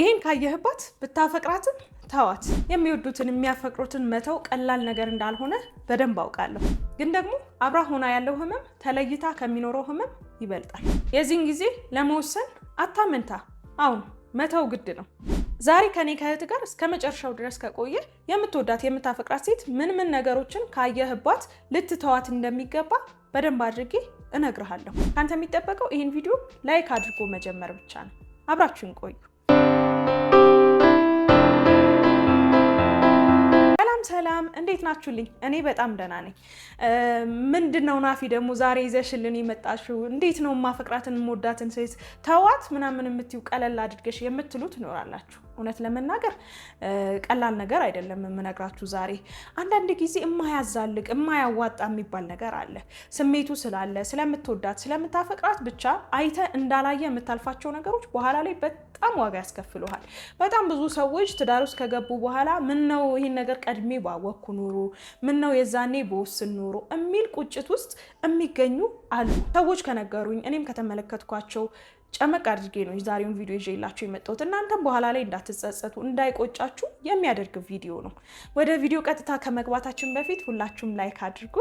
ይህን ካየህባት ብታፈቅራትም ተዋት። የሚወዱትን የሚያፈቅሩትን መተው ቀላል ነገር እንዳልሆነ በደንብ አውቃለሁ። ግን ደግሞ አብራ ሆና ያለው ህመም ተለይታ ከሚኖረው ህመም ይበልጣል። የዚህን ጊዜ ለመወሰን አታመንታ። አሁን መተው ግድ ነው። ዛሬ ከኔ ከእህት ጋር እስከ መጨረሻው ድረስ ከቆየ የምትወዳት የምታፈቅራት ሴት ምን ምን ነገሮችን ካየህባት ልትተዋት እንደሚገባ በደንብ አድርጌ እነግርሃለሁ። ከአንተ የሚጠበቀው ይህን ቪዲዮ ላይክ አድርጎ መጀመር ብቻ ነው። አብራችሁን ቆዩ። ሰላም ሰላም፣ እንዴት ናችሁልኝ? እኔ በጣም ደህና ነኝ። ምንድን ነው ናፊ ደግሞ ዛሬ ይዘሽልን የመጣሽው? እንዴት ነው ማፈቅራትን የምወዳትን ሴት ተዋት ምናምን የምትይው ቀለል አድርገሽ የምትሉ ትኖራላችሁ። እውነት ለመናገር ቀላል ነገር አይደለም የምነግራችሁ ዛሬ። አንዳንድ ጊዜ የማያዛልቅ የማያዋጣ የሚባል ነገር አለ። ስሜቱ ስላለ ስለምትወዳት ስለምታፈቅራት ብቻ አይተ እንዳላየ የምታልፋቸው ነገሮች በኋላ ላይ በጣም ዋጋ ያስከፍሉሃል። በጣም ብዙ ሰዎች ትዳር ውስጥ ከገቡ በኋላ ምን ነው ይህን ነገር ቀድሜ ባወቅኩ ኑሮ፣ ምን ነው የዛኔ በወስን ኑሮ የሚል ቁጭት ውስጥ የሚገኙ አሉ። ሰዎች ከነገሩኝ እኔም ከተመለከትኳቸው ጨመቅ አድርጌ ነው የዛሬውን ቪዲዮ ይዤላችሁ የመጣሁት። እናንተም በኋላ ላይ እንዳትጸጸቱ እንዳይቆጫችሁ የሚያደርግ ቪዲዮ ነው። ወደ ቪዲዮ ቀጥታ ከመግባታችን በፊት ሁላችሁም ላይክ አድርጉ።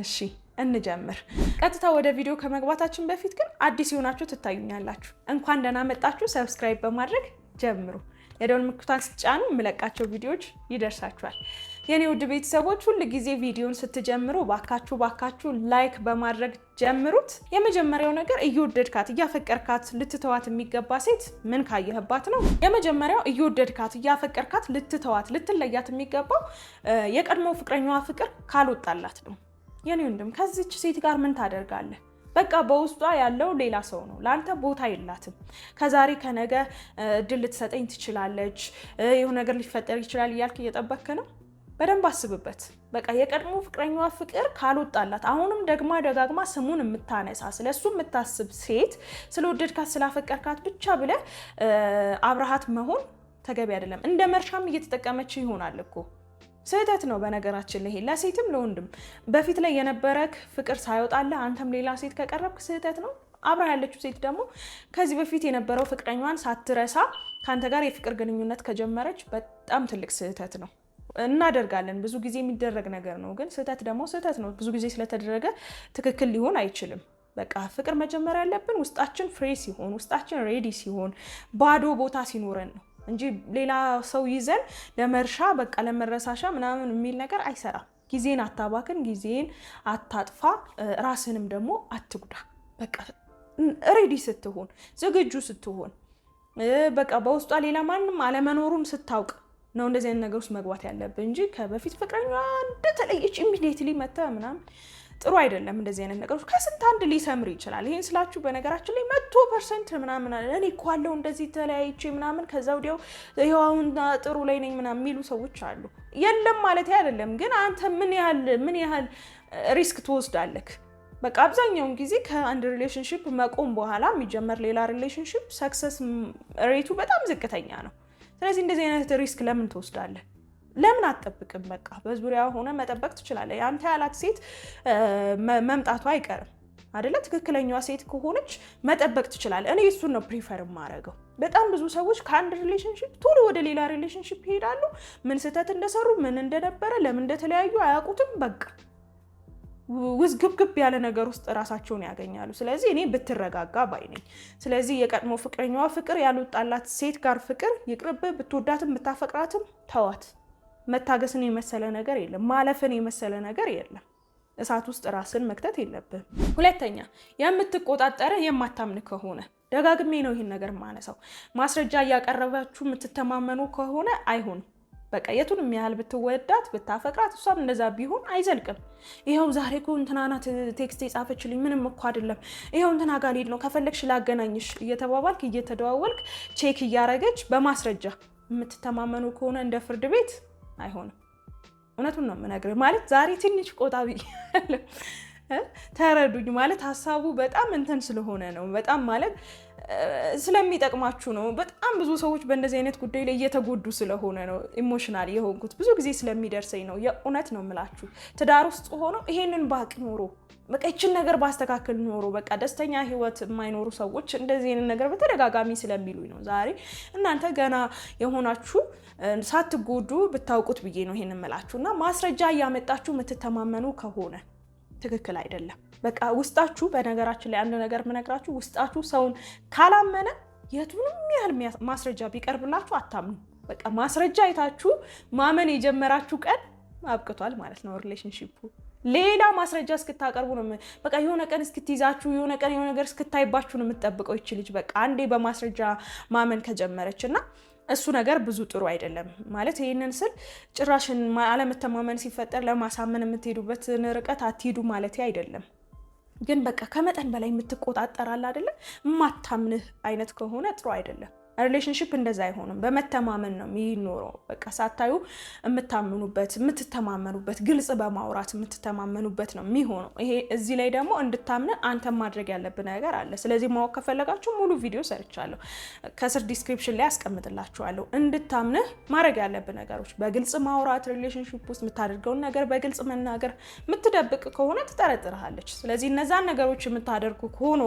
እሺ እንጀምር። ቀጥታ ወደ ቪዲዮ ከመግባታችን በፊት ግን አዲስ የሆናችሁ ትታዩኛላችሁ፣ እንኳን ደህና መጣችሁ። ሰብስክራይብ በማድረግ ጀምሩ። የደወል ምልክቷን ስትጫኑ የምለቃቸው ቪዲዮዎች ይደርሳችኋል። የኔ ውድ ቤተሰቦች ሁል ጊዜ ቪዲዮን ስትጀምሩ ባካችሁ ባካችሁ ላይክ በማድረግ ጀምሩት። የመጀመሪያው ነገር እየወደድካት እያፈቀርካት ልትተዋት የሚገባ ሴት ምን ካየህባት ነው? የመጀመሪያው እየወደድካት እያፈቀርካት ልትተዋት ልትለያት የሚገባው የቀድሞ ፍቅረኛዋ ፍቅር ካልወጣላት ነው። የኔ ወንድም ከዚች ሴት ጋር ምን ታደርጋለህ? በቃ በውስጧ ያለው ሌላ ሰው ነው። ለአንተ ቦታ የላትም። ከዛሬ ከነገ እድል ልትሰጠኝ ትችላለች፣ የሆነ ነገር ሊፈጠር ይችላል እያልክ እየጠበክ ነው። በደንብ አስብበት። በቃ የቀድሞ ፍቅረኛዋ ፍቅር ካልወጣላት አሁንም ደግማ ደጋግማ ስሙን የምታነሳ ስለሱ የምታስብ ሴት ስለወደድካት ስላፈቀርካት ብቻ ብለህ አብረሃት መሆን ተገቢ አይደለም። እንደ መርሻም እየተጠቀመች ይሆናል እኮ ስህተት ነው። በነገራችን ላይ ለሴትም ለወንድም በፊት ላይ የነበረክ ፍቅር ሳይወጣለ አንተም ሌላ ሴት ከቀረብክ ስህተት ነው። አብራ ያለችው ሴት ደግሞ ከዚህ በፊት የነበረው ፍቅረኛዋን ሳትረሳ ከአንተ ጋር የፍቅር ግንኙነት ከጀመረች በጣም ትልቅ ስህተት ነው። እናደርጋለን ብዙ ጊዜ የሚደረግ ነገር ነው። ግን ስህተት ደግሞ ስህተት ነው። ብዙ ጊዜ ስለተደረገ ትክክል ሊሆን አይችልም። በቃ ፍቅር መጀመር ያለብን ውስጣችን ፍሬ ሲሆን፣ ውስጣችን ሬዲ ሲሆን፣ ባዶ ቦታ ሲኖረን ነው። እንጂ ሌላ ሰው ይዘን ለመርሻ በቃ ለመረሳሻ ምናምን የሚል ነገር አይሰራም። ጊዜን አታባክን፣ ጊዜን አታጥፋ፣ ራስንም ደግሞ አትጉዳ። በቃ ሬዲ ስትሆን ዝግጁ ስትሆን በቃ በውስጧ ሌላ ማንም አለመኖሩን ስታውቅ ነው እንደዚህ አይነት ነገር ውስጥ መግባት ያለብን እንጂ ከበፊት ፍቅረኛ እንደተለየች ኢሚዲየትሊ መተ ምናምን ጥሩ አይደለም። እንደዚህ አይነት ነገሮች ከስንት አንድ ሊሰምር ይችላል። ይህን ስላችሁ በነገራችን ላይ መቶ ፐርሰንት ምናምን እኔ እኮ አለው እንደዚህ ተለያይቼ ምናምን ከዛ ወዲያው ይኸዋውን ጥሩ ላይ ነኝ ምናምን የሚሉ ሰዎች አሉ። የለም ማለት አይደለም፣ ግን አንተ ምን ያህል ምን ያህል ሪስክ ትወስዳለህ? በቃ አብዛኛውን ጊዜ ከአንድ ሪሌሽንሽፕ መቆም በኋላ የሚጀመር ሌላ ሪሌሽንሽፕ ሰክሰስ ሬቱ በጣም ዝቅተኛ ነው። ስለዚህ እንደዚህ አይነት ሪስክ ለምን ትወስዳለህ? ለምን አትጠብቅም? በቃ በዙሪያ ሆነ መጠበቅ ትችላለህ። አንተ ያላት ሴት መምጣቷ አይቀርም አደለ? ትክክለኛዋ ሴት ከሆነች መጠበቅ ትችላለህ። እኔ እሱን ነው ፕሪፈር የማደርገው። በጣም ብዙ ሰዎች ከአንድ ሪሌሽንሽፕ ቶሎ ወደ ሌላ ሪሌሽንሽፕ ይሄዳሉ። ምን ስህተት እንደሰሩ ምን እንደነበረ ለምን እንደተለያዩ አያውቁትም። በቃ ውዝግብግብ ያለ ነገር ውስጥ ራሳቸውን ያገኛሉ። ስለዚህ እኔ ብትረጋጋ ባይ ነኝ። ስለዚህ የቀድሞ ፍቅረኛዋ ፍቅር ያልወጣላት ሴት ጋር ፍቅር ይቅርብ። ብትወዳትም ብታፈቅራትም ተዋት። መታገስን የመሰለ ነገር የለም። ማለፍን የመሰለ ነገር የለም። እሳት ውስጥ ራስን መክተት የለብህም። ሁለተኛ የምትቆጣጠር የማታምን ከሆነ ደጋግሜ ነው ይህን ነገር ማነሳው። ማስረጃ እያቀረባችሁ የምትተማመኑ ከሆነ አይሆንም። በቃ የቱንም ያህል ብትወዳት ብታፈቅራት፣ እሷም እንደዛ ቢሆን አይዘልቅም። ይኸው ዛሬ እኮ እንትና ናት ቴክስት የጻፈችልኝ፣ ምንም እኮ አይደለም፣ ይኸው እንትና ጋር ነው ከፈለግሽ ላገናኝሽ እየተባባልክ እየተደዋወልክ ቼክ እያረገች በማስረጃ የምትተማመኑ ከሆነ እንደ ፍርድ ቤት አይሆንም። እውነቱን ነው የምነግርህ። ማለት ዛሬ ትንሽ ቆጣ ብያለሁ፣ ተረዱኝ። ማለት ሀሳቡ በጣም እንትን ስለሆነ ነው። በጣም ማለት ስለሚጠቅማችሁ ነው። በጣም ብዙ ሰዎች በእንደዚህ አይነት ጉዳይ ላይ እየተጎዱ ስለሆነ ነው ኢሞሽናል የሆንኩት። ብዙ ጊዜ ስለሚደርሰኝ ነው። የእውነት ነው የምላችሁ። ትዳር ውስጥ ሆነው ይሄንን ባቅ ኖሮ በቃ ይችን ነገር ባስተካከል ኖሮ በቃ ደስተኛ ህይወት የማይኖሩ ሰዎች እንደዚህ አይነት ነገር በተደጋጋሚ ስለሚሉኝ ነው ዛሬ እናንተ ገና የሆናችሁ ሳትጎዱ ብታውቁት ብዬ ነው ይሄን የምላችሁ እና ማስረጃ እያመጣችሁ የምትተማመኑ ከሆነ ትክክል አይደለም። በቃ ውስጣችሁ፣ በነገራችን ላይ አንድ ነገር የምነግራችሁ ውስጣችሁ ሰውን ካላመነ የቱንም ያህል ማስረጃ ቢቀርብላችሁ አታምኑ። በቃ ማስረጃ አይታችሁ ማመን የጀመራችሁ ቀን አብቅቷል ማለት ነው ሪሌሽንሺፑ። ሌላ ማስረጃ እስክታቀርቡ ነው። በቃ የሆነ ቀን እስክትይዛችሁ የሆነ ቀን የሆነ ነገር እስክታይባችሁ ነው የምትጠብቀው ይች ልጅ በቃ አንዴ በማስረጃ ማመን ከጀመረች እና እሱ ነገር ብዙ ጥሩ አይደለም ማለት። ይህንን ስል ጭራሽን አለመተማመን ሲፈጠር ለማሳመን የምትሄዱበትን ርቀት አትሄዱ ማለት አይደለም። ግን በቃ ከመጠን በላይ የምትቆጣጠራል አይደለ? ማታምንህ አይነት ከሆነ ጥሩ አይደለም። ሪሌሽንሽፕ እንደዛ አይሆንም። በመተማመን ነው የሚኖረው። በቃ ሳታዩ የምታምኑበት የምትተማመኑበት፣ ግልጽ በማውራት የምትተማመኑበት ነው የሚሆነው። ይሄ እዚህ ላይ ደግሞ እንድታምን አንተ ማድረግ ያለብን ነገር አለ። ስለዚህ ማወቅ ከፈለጋችሁ ሙሉ ቪዲዮ ሰርቻለሁ፣ ከስር ዲስክሪፕሽን ላይ አስቀምጥላችኋለሁ። እንድታምንህ ማድረግ ያለብን ነገሮች በግልጽ ማውራት፣ ሪሌሽንሽፕ ውስጥ የምታደርገውን ነገር በግልጽ መናገር። የምትደብቅ ከሆነ ትጠረጥርሃለች። ስለዚህ እነዛን ነገሮች የምታደርጉ ሆኖ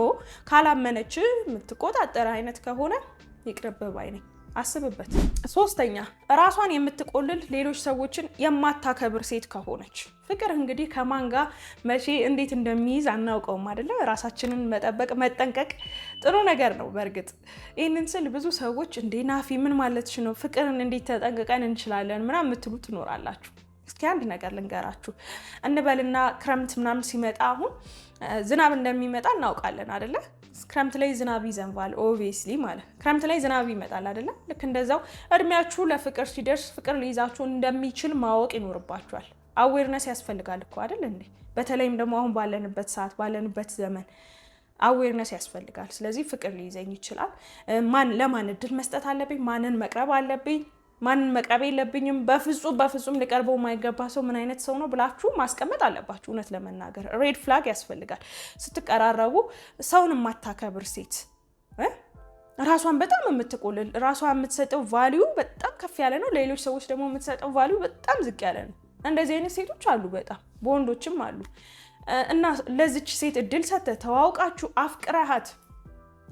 ካላመነች የምትቆጣጠር አይነት ከሆነ ይቅርብህ ባይ ነኝ። አስብበት። ሶስተኛ ራሷን የምትቆልል ሌሎች ሰዎችን የማታከብር ሴት ከሆነች ፍቅር እንግዲህ ከማን ጋር መቼ እንዴት እንደሚይዝ አናውቀውም አይደለ? ራሳችንን መጠበቅ መጠንቀቅ ጥሩ ነገር ነው። በእርግጥ ይህንን ስል ብዙ ሰዎች እንዴ ናፊ ምን ማለትሽ ነው? ፍቅርን እንዴት ተጠንቅቀን እንችላለን? ምናምን የምትሉ ትኖራላችሁ። እስኪ አንድ ነገር ልንገራችሁ እንበልና ክረምት ምናምን ሲመጣ አሁን ዝናብ እንደሚመጣ እናውቃለን አደለ? ክረምት ላይ ዝናብ ይዘንባል። ኦብቪየስሊ ማለት ክረምት ላይ ዝናብ ይመጣል አደለ? ልክ እንደዛው እድሜያችሁ ለፍቅር ሲደርስ ፍቅር ሊይዛችሁ እንደሚችል ማወቅ ይኖርባችኋል። አዌርነስ ያስፈልጋል እኮ አደል እንዴ? በተለይም ደግሞ አሁን ባለንበት ሰዓት ባለንበት ዘመን አዌርነስ ያስፈልጋል። ስለዚህ ፍቅር ሊይዘኝ ይችላል። ማን ለማን እድል መስጠት አለብኝ? ማንን መቅረብ አለብኝ? ማንን መቅረብ የለብኝም በፍጹም በፍጹም ሊቀርበው የማይገባ ሰው ምን አይነት ሰው ነው ብላችሁ ማስቀመጥ አለባችሁ። እውነት ለመናገር ሬድ ፍላግ ያስፈልጋል። ስትቀራረቡ ሰውን የማታከብር ሴት፣ ራሷን በጣም የምትቆልል ራሷ የምትሰጠው ቫሊዩ በጣም ከፍ ያለ ነው፣ ሌሎች ሰዎች ደግሞ የምትሰጠው ቫሊዩ በጣም ዝቅ ያለ ነው። እንደዚህ አይነት ሴቶች አሉ፣ በጣም በወንዶችም አሉ። እና ለዚች ሴት እድል ሰጥተህ ተዋውቃችሁ አፍቅረሃት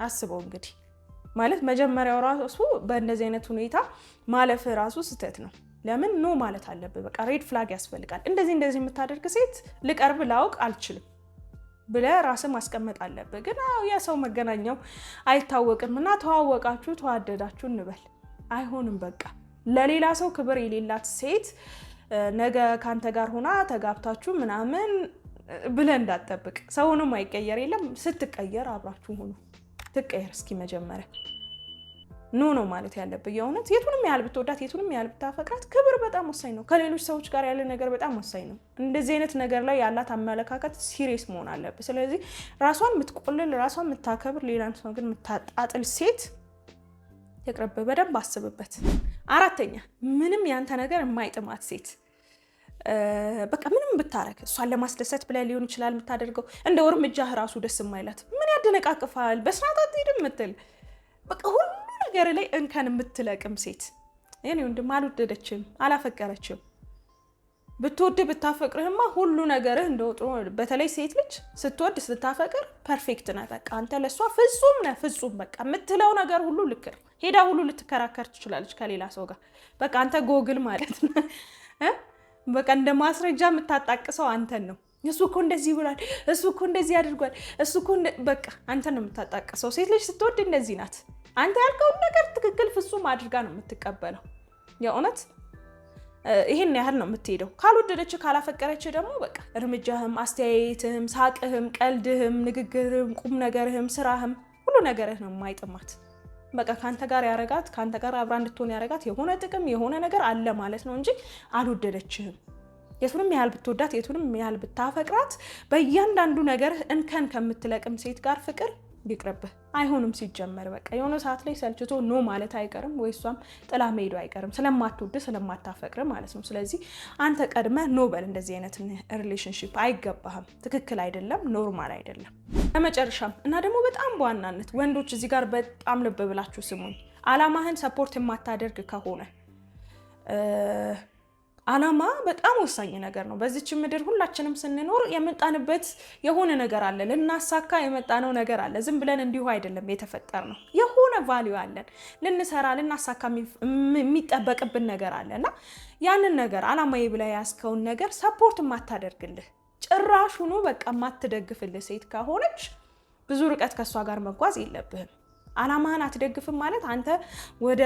አስበው እንግዲህ ማለት መጀመሪያው ራሱ በእንደዚህ አይነት ሁኔታ ማለፍ ራሱ ስህተት ነው። ለምን ኖ ማለት አለብህ። በቃ ሬድ ፍላግ ያስፈልጋል። እንደዚህ እንደዚህ የምታደርግ ሴት ልቀርብ ላውቅ አልችልም ብለህ ራስ ማስቀመጥ አለብህ። ግን የሰው መገናኛው አይታወቅም እና ተዋወቃችሁ፣ ተዋደዳችሁ እንበል አይሆንም። በቃ ለሌላ ሰው ክብር የሌላት ሴት ነገ ካንተ ጋር ሆና ተጋብታችሁ ምናምን ብለህ እንዳትጠብቅ። ሰውንም አይቀየር የለም ስትቀየር አብራችሁ ሆኑ። ትቀየር እስኪ መጀመሪያ ኖ ነው ማለት ያለብህ። የእውነት የቱንም ያህል ብትወዳት የቱንም ያህል ብታፈቅራት ክብር በጣም ወሳኝ ነው። ከሌሎች ሰዎች ጋር ያለ ነገር በጣም ወሳኝ ነው። እንደዚህ አይነት ነገር ላይ ያላት አመለካከት ሲሪየስ መሆን አለብህ። ስለዚህ ራሷን የምትቆልል ራሷን የምታከብር ሌላን ሰው ግን የምታጣጥል ሴት ይቅርብህ። በደንብ አስብበት። አራተኛ ምንም ያንተ ነገር የማይጥማት ሴት በቃ ምንም ብታረክ እሷን ለማስደሰት ብላ ሊሆን ይችላል የምታደርገው። እንደ እርምጃህ ራሱ ደስ የማይላት ምን ያደነቃቅፋል፣ በስርዓት አትሄድም ምትል በቃ ሁሉ ነገር ላይ እንከን የምትለቅም ሴት የኔ ወንድም አልወደደችም፣ አላፈቀረችም። ብትወድ ብታፈቅርህማ ሁሉ ነገርህ እንደወጥሮ። በተለይ ሴት ልጅ ስትወድ ስታፈቅር ፐርፌክት ነህ፣ በቃ አንተ ለእሷ ፍጹም ነህ፣ ፍጹም በቃ የምትለው ነገር ሁሉ ልክ ነው። ሄዳ ሁሉ ልትከራከር ትችላለች ከሌላ ሰው ጋር። በቃ አንተ ጎግል ማለት ነህ። በቃ እንደ ማስረጃ የምታጣቅሰው አንተን ነው። እሱ እኮ እንደዚህ ብሏል፣ እሱ እኮ እንደዚህ አድርጓል፣ እሱ እኮ በቃ አንተን ነው የምታጣቅሰው። ሴት ልጅ ስትወድ እንደዚህ ናት። አንተ ያልከውን ነገር ትክክል ፍጹም አድርጋ ነው የምትቀበለው። የእውነት ይህን ያህል ነው የምትሄደው። ካልወደደች ካላፈቀረች ደግሞ በቃ እርምጃህም፣ አስተያየትህም፣ ሳቅህም፣ ቀልድህም፣ ንግግርህም፣ ቁም ነገርህም፣ ስራህም ሁሉ ነገርህ ነው የማይጥማት። በቃ ከአንተ ጋር ያረጋት ከአንተ ጋር አብራ እንድትሆን ያረጋት የሆነ ጥቅም የሆነ ነገር አለ ማለት ነው እንጂ አልወደደችህም። የቱንም ያህል ብትወዳት የቱንም ያህል ብታፈቅራት በእያንዳንዱ ነገር እንከን ከምትለቅም ሴት ጋር ፍቅር ቢቅርብህ አይሆንም። ሲጀመር በቃ የሆነ ሰዓት ላይ ሰልችቶ ኖ ማለት አይቀርም ወይ እሷም ጥላ መሄዱ አይቀርም፣ ስለማትወድ ስለማታፈቅር ማለት ነው። ስለዚህ አንተ ቀድመ ኖ በል። እንደዚህ አይነት ሪሌሽንሽፕ አይገባህም፣ ትክክል አይደለም፣ ኖርማል አይደለም። ለመጨረሻም እና ደግሞ በጣም በዋናነት ወንዶች እዚህ ጋር በጣም ልብ ብላችሁ ስሙኝ፣ አላማህን ሰፖርት የማታደርግ ከሆነ አላማ በጣም ወሳኝ ነገር ነው። በዚች ምድር ሁላችንም ስንኖር የመጣንበት የሆነ ነገር አለ፣ ልናሳካ የመጣነው ነገር አለ። ዝም ብለን እንዲሁ አይደለም የተፈጠር ነው። የሆነ ቫሊዩ አለን፣ ልንሰራ ልናሳካ የሚጠበቅብን ነገር አለ እና ያንን ነገር አላማዬ ብላ ያስከውን ነገር ሰፖርት የማታደርግልህ ጭራሽ ሁኖ በቃ የማትደግፍልህ ሴት ከሆነች ብዙ ርቀት ከእሷ ጋር መጓዝ የለብህም። አላማህን አትደግፍም ማለት አንተ ወደ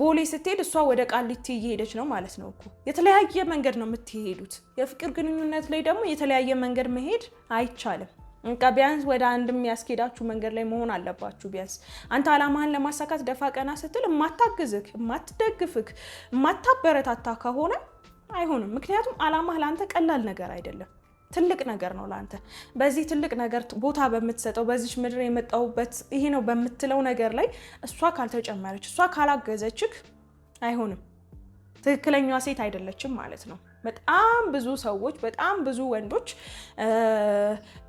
ቦሌ ስትሄድ እሷ ወደ ቃሊቲ እየሄደች ነው ማለት ነው እኮ። የተለያየ መንገድ ነው የምትሄዱት። የፍቅር ግንኙነት ላይ ደግሞ የተለያየ መንገድ መሄድ አይቻልም። እንቃ ቢያንስ ወደ አንድ የሚያስኬዳችሁ መንገድ ላይ መሆን አለባችሁ። ቢያንስ አንተ አላማህን ለማሳካት ደፋ ቀና ስትል የማታግዝክ፣ የማትደግፍክ፣ የማታበረታታ ከሆነ አይሆንም። ምክንያቱም አላማህ ለአንተ ቀላል ነገር አይደለም። ትልቅ ነገር ነው ለአንተ። በዚህ ትልቅ ነገር ቦታ በምትሰጠው በዚች ምድር የመጣሁበት ይሄ ነው በምትለው ነገር ላይ እሷ ካልተጨመረች፣ እሷ ካላገዘችክ አይሆንም። ትክክለኛ ሴት አይደለችም ማለት ነው። በጣም ብዙ ሰዎች በጣም ብዙ ወንዶች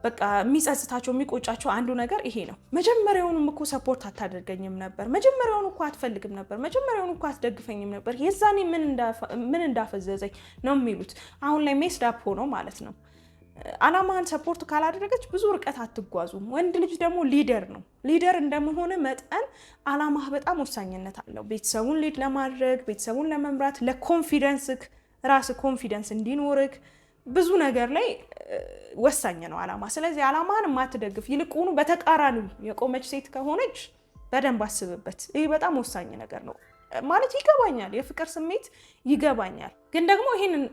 በቃ የሚጸጽታቸው የሚቆጫቸው አንዱ ነገር ይሄ ነው። መጀመሪያውን እኮ ሰፖርት አታደርገኝም ነበር፣ መጀመሪያውን እኮ አትፈልግም ነበር፣ መጀመሪያውን እኮ አትደግፈኝም ነበር፣ የዛኔ ምን እንዳፈዘዘኝ ነው የሚሉት። አሁን ላይ ሜስድ አፕ ሆኖ ማለት ነው አላማህን ሰፖርት ካላደረገች ብዙ ርቀት አትጓዙም። ወንድ ልጅ ደግሞ ሊደር ነው። ሊደር እንደመሆነ መጠን አላማህ በጣም ወሳኝነት አለው። ቤተሰቡን ሊድ ለማድረግ ቤተሰቡን ለመምራት ለኮንፊደንስክ ራስ ኮንፊደንስ እንዲኖርክ ብዙ ነገር ላይ ወሳኝ ነው አላማ። ስለዚህ አላማህን የማትደግፍ ይልቁኑ በተቃራኒው የቆመች ሴት ከሆነች በደንብ አስብበት። ይህ በጣም ወሳኝ ነገር ነው። ማለት ይገባኛል፣ የፍቅር ስሜት ይገባኛል። ግን ደግሞ ይህንን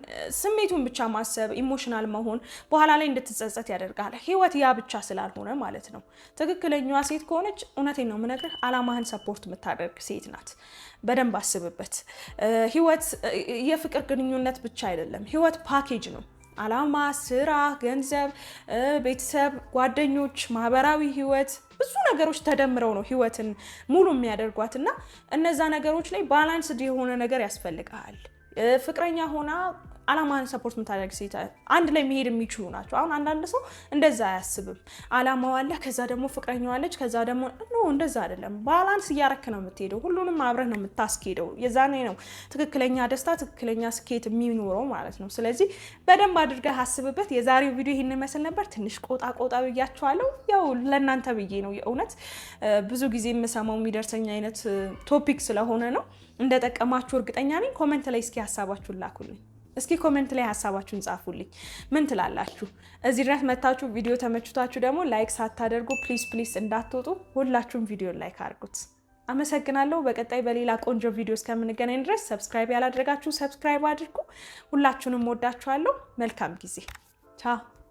ስሜቱን ብቻ ማሰብ ኢሞሽናል መሆን በኋላ ላይ እንድትጸጸት ያደርጋል። ህይወት ያ ብቻ ስላልሆነ ማለት ነው። ትክክለኛዋ ሴት ከሆነች እውነቴን ነው የምነግርህ፣ አላማህን ሰፖርት የምታደርግ ሴት ናት። በደንብ አስብበት። ህይወት የፍቅር ግንኙነት ብቻ አይደለም፣ ህይወት ፓኬጅ ነው። አላማ፣ ስራ፣ ገንዘብ፣ ቤተሰብ፣ ጓደኞች፣ ማህበራዊ ህይወት ብዙ ነገሮች ተደምረው ነው ህይወትን ሙሉ የሚያደርጓት እና እነዛ ነገሮች ላይ ባላንስድ የሆነ ነገር ያስፈልግሃል። ፍቅረኛ ሆና አላማን ሰፖርት የምታደርግ ሴት አንድ ላይ መሄድ የሚችሉ ናቸው። አሁን አንዳንድ ሰው እንደዛ አያስብም። አላማው አለ፣ ከዛ ደግሞ ፍቅረኛው አለች፣ ከዛ ደግሞ እንደዛ አይደለም። ባላንስ እያረክ ነው የምትሄደው። ሁሉንም አብረህ ነው የምታስኬደው። የዛኔ ነው ትክክለኛ ደስታ፣ ትክክለኛ ስኬት የሚኖረው ማለት ነው። ስለዚህ በደንብ አድርገህ አስብበት። የዛሬው ቪዲዮ ይህን መስል ነበር። ትንሽ ቆጣ ቆጣ ብያችኋለሁ። ያው ለእናንተ ብዬ ነው የእውነት ብዙ ጊዜ የምሰማው የሚደርሰኝ አይነት ቶፒክ ስለሆነ ነው። እንደጠቀማችሁ እርግጠኛ ነኝ። ኮመንት ላይ እስኪ ሀሳባችሁን ላኩልኝ። እስኪ ኮመንት ላይ ሀሳባችሁን ጻፉልኝ። ምን ትላላችሁ? እዚህ ድረስ መታችሁ ቪዲዮ ተመችቷችሁ ደግሞ ላይክ ሳታደርጉ ፕሊስ ፕሊስ እንዳትወጡ። ሁላችሁም ቪዲዮን ላይክ አድርጉት። አመሰግናለሁ። በቀጣይ በሌላ ቆንጆ ቪዲዮ እስከምንገናኝ ድረስ ሰብስክራይብ ያላደረጋችሁ ሰብስክራይብ አድርጉ። ሁላችሁንም ወዳችኋለሁ። መልካም ጊዜ። ቻው